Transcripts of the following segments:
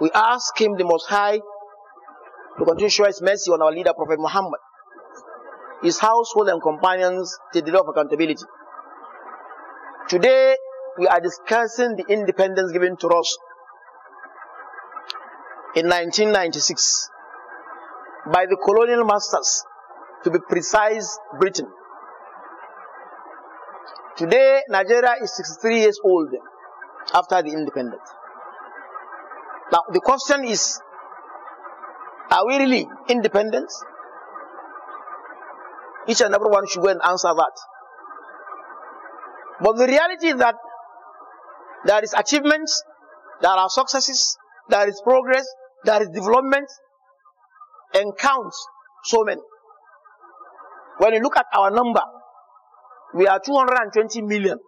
We ask Him, the Most High, to continue to show His mercy on our leader, Prophet Muhammad, his household and companions to the day of accountability. Today, we are discussing the independence given to us in 1996 by the colonial masters, to be precise, Britain. Today, Nigeria is 63 years old after the independence. Now, the question is, are we really independent? Each and every one should go and answer that. But the reality is that there is achievements, there are successes, there is progress, there is development, and counts so many. When you look at our number, we are 220 million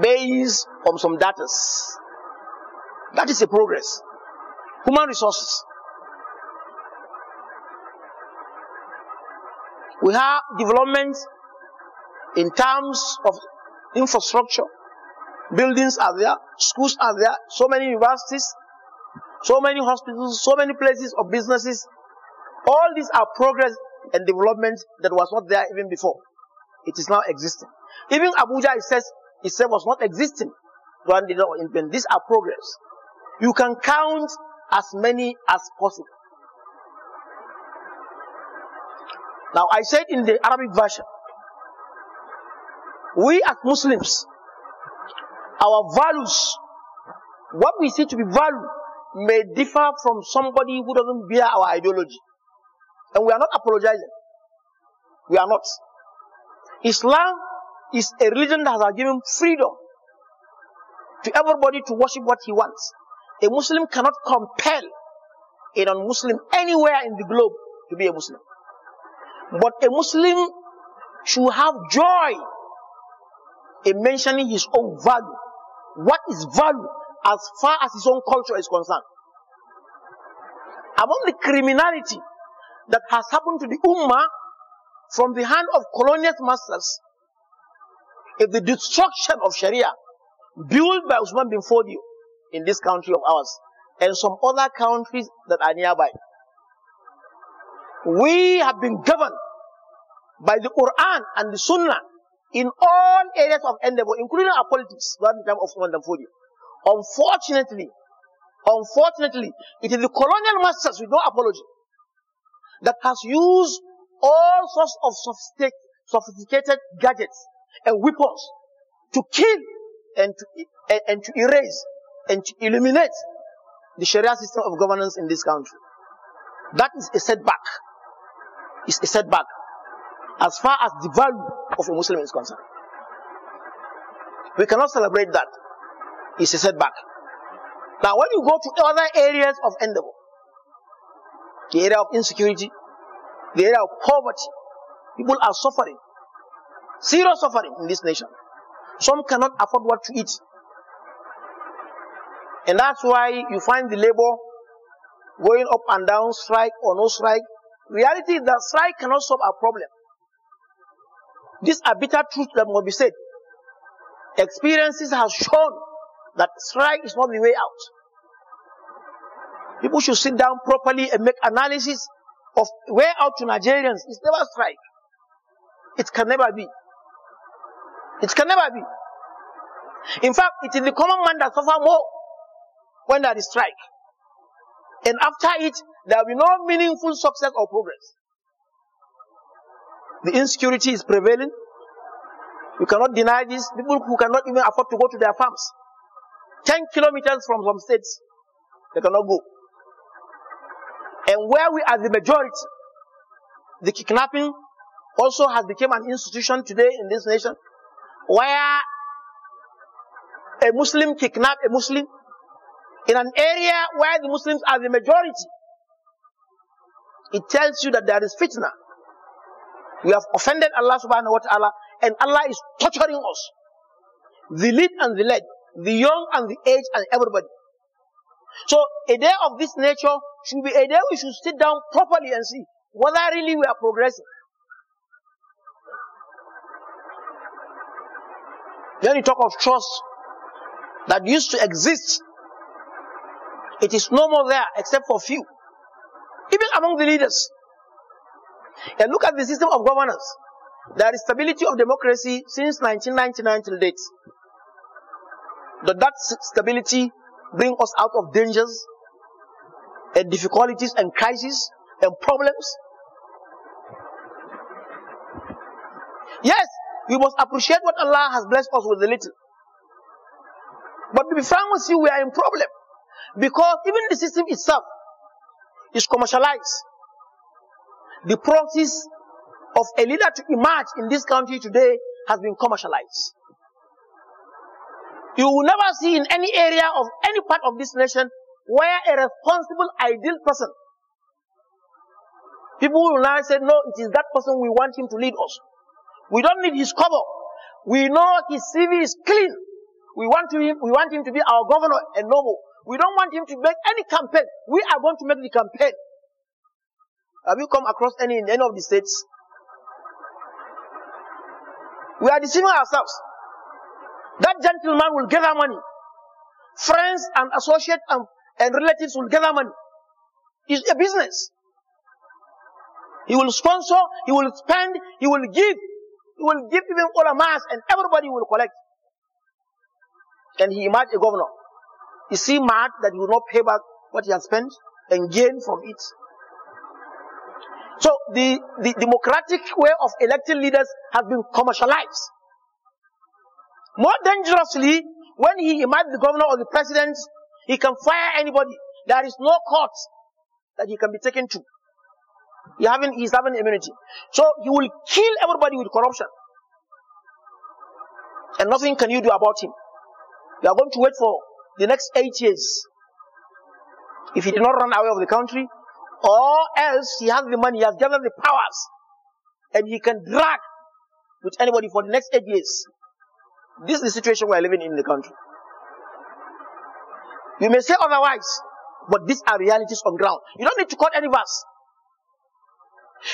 based on some data. That is a progress. Human resources. We have development in terms of infrastructure. Buildings are there, schools are there, so many universities, so many hospitals, so many places of businesses. All these are progress and development that was not there even before. It is now existing. Even Abuja, it says, itself was not existing when these are progress you can count as many as possible. Now, I said in the Arabic version, we as Muslims, our values, what we see to be value, may differ from somebody who doesn't bear our ideology. And we are not apologizing. We are not. Islam is a religion that has given freedom to everybody to worship what he wants. A Muslim cannot compel a non-Muslim anywhere in the globe to be a Muslim. But a Muslim should have joy in mentioning his own value. What is value as far as his own culture is concerned? Among the criminality that has happened to the Ummah from the hand of colonial masters is the destruction of Sharia built by Usman bin Fodio in this country of ours and some other countries that are nearby. We have been governed by the Quran and the Sunnah in all areas of endeavor, including our politics during the time of Unfortunately, unfortunately, it is the colonial masters with no apology that has used all sorts of sophisticated gadgets and weapons to kill and to, and, and to erase and to eliminate the Sharia system of governance in this country. That is a setback. It's a setback as far as the value of a Muslim is concerned. We cannot celebrate that. It's a setback. Now, when you go to other areas of endeavor, the area of insecurity, the area of poverty, people are suffering, serious suffering in this nation. Some cannot afford what to eat. And that's why you find the labor going up and down, strike or no strike. Reality is that strike cannot solve our problem. These are bitter truths that must be said. Experiences have shown that strike is not the way out. People should sit down properly and make analysis of way out to Nigerians. It's never strike. It can never be. It can never be. In fact, it is the common man that suffers more when there is strike. And after it, there will be no meaningful success or progress. The insecurity is prevailing. You cannot deny this. People who cannot even afford to go to their farms. 10 kilometers from some states, they cannot go. And where we are the majority, the kidnapping also has become an institution today in this nation where a Muslim kidnap a Muslim in an area where the Muslims are the majority, it tells you that there is fitna. We have offended Allah subhanahu wa ta'ala and Allah is torturing us. The lead and the led, the young and the aged and everybody. So a day of this nature should be a day we should sit down properly and see whether really we are progressing. Then you talk of trust that used to exist it is no more there except for few. Even among the leaders. And look at the system of governance. There is stability of democracy since 1999 till date. Does that stability bring us out of dangers and difficulties and crises and problems? Yes, we must appreciate what Allah has blessed us with a little. But to be frank with you, we are in problem. Because even the system itself is commercialized. The process of a leader to emerge in this country today has been commercialized. You will never see in any area of any part of this nation where a responsible, ideal person. People will now say, no, it is that person we want him to lead us. We don't need his cover. We know his CV is clean. We want, him, we want him to be our governor and noble. We don't want him to make any campaign. We are going to make the campaign. Have you come across any in any of the states? We are deceiving ourselves. That gentleman will gather money. Friends and associates and, and relatives will gather money. It's a business. He will sponsor, he will spend, he will give, he will give even all a mass and everybody will collect. And he emerged a governor. Is he mad that you will not pay back what he has spent and gain from it? So the, the democratic way of electing leaders has been commercialized. More dangerously, when he imagines the governor or the president, he can fire anybody. There is no court that he can be taken to. He having, he's having immunity. So he will kill everybody with corruption. And nothing can you do about him. You are going to wait for the next eight years. If he did not run away of the country, or else he has the money, he has gathered the powers, and he can drag with anybody for the next eight years. This is the situation we are living in the country. You may say otherwise, but these are realities on ground. You don't need to quote any verse.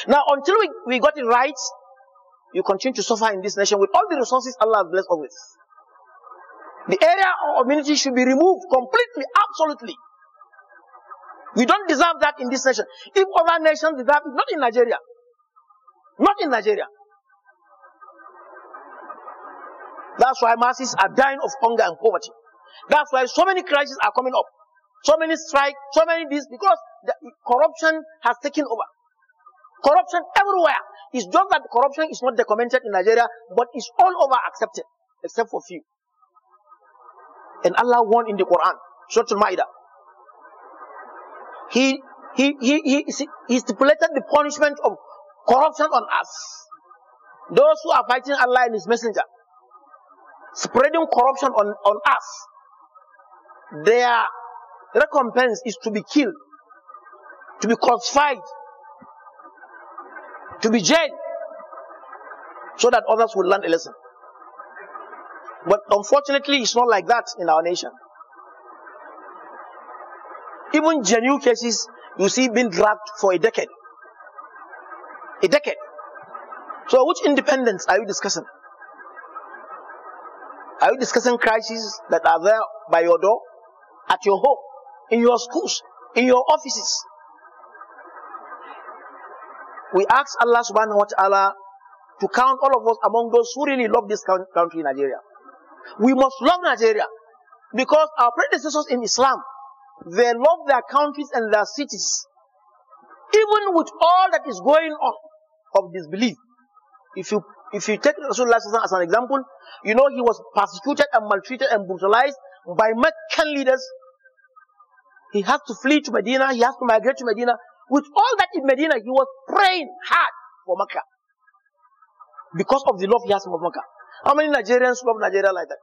Now, until we, we got it right, you continue to suffer in this nation with all the resources Allah has blessed us with. The area or community should be removed completely, absolutely. We don't deserve that in this nation. If other nations deserve it, not in Nigeria. Not in Nigeria. That's why masses are dying of hunger and poverty. That's why so many crises are coming up. So many strikes, so many this, because corruption has taken over. Corruption everywhere. It's just that corruption is not documented in Nigeria, but it's all over accepted, except for few. And Allah warned in the Quran, Surah Al-Ma'idah. He, he, he, he, he stipulated the punishment of corruption on us. Those who are fighting Allah and His Messenger, spreading corruption on, on us, their recompense is to be killed, to be crucified, to be jailed, so that others will learn a lesson. But unfortunately, it's not like that in our nation. Even genuine cases, you see being dragged for a decade. A decade. So which independence are you discussing? Are you discussing crises that are there by your door, at your home, in your schools, in your offices? We ask Allah subhanahu wa ta'ala to count all of us among those who really love this country, Nigeria. We must love Nigeria because our predecessors in Islam, they love their countries and their cities. Even with all that is going on of disbelief, if you if you take Rasulullah as an example, you know he was persecuted and maltreated and brutalized by Meccan leaders. He has to flee to Medina, he has to migrate to Medina. With all that in Medina, he was praying hard for Mecca because of the love he has for Mecca. How many Nigerians love Nigeria like that?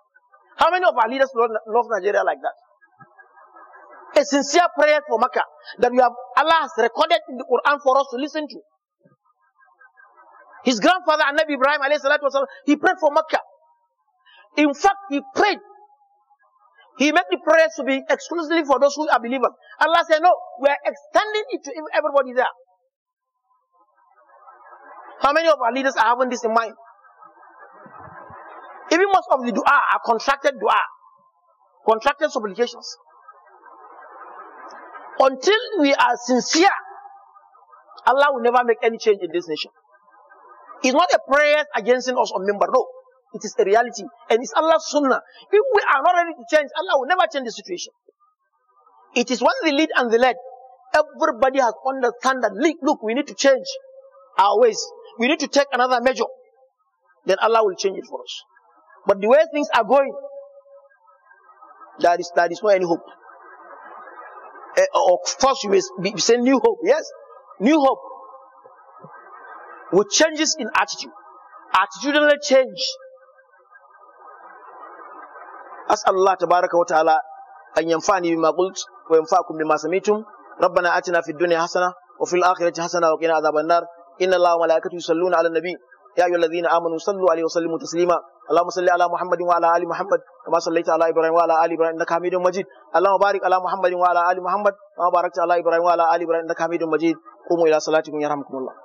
How many of our leaders love, Nigeria like that? A sincere prayer for Makkah that we have Allah has recorded in the Quran for us to listen to. His grandfather, Nabi Ibrahim, he prayed for Makkah. In fact, he prayed. He made the prayers to be exclusively for those who are believers. Allah said, no, we are extending it to everybody there. How many of our leaders are having this in mind? Even most of the dua are contracted dua, contracted supplications. Until we are sincere, Allah will never make any change in this nation. It's not a prayer against us on member, no. It is a reality. And it's Allah's sunnah. If we are not ready to change, Allah will never change the situation. It is when the lead and the led, everybody has understand that, look, we need to change our ways. We need to take another measure. Then Allah will change it for us. But the way things are going, that is, there is no any hope. Eh, or of course, you may say new hope. Yes, new hope. With changes in attitude, attitudinal change. As Allah tabaraka wa ta'ala an yanfa'ani bima qult wa yanfa'akum bima atina fid hasana wa fil akhirati hasana wa qina adhaban inna Allaha wa malaikatahu yusalluna 'alan ya ayyuhalladhina amanu sallu 'alayhi wa sallimu Allahumma salli ala Muhammadin wa ala ali Muhammad kama sallaita ala Ibrahim wa ala ali Ibrahim innaka Hamidum Majid Allahumma barik ala Muhammadin wa ala ali Muhammad kama barakta ala Ibrahim wa ala ali Ibrahim innaka Hamidum Majid qumu ila salati yarhamkumullah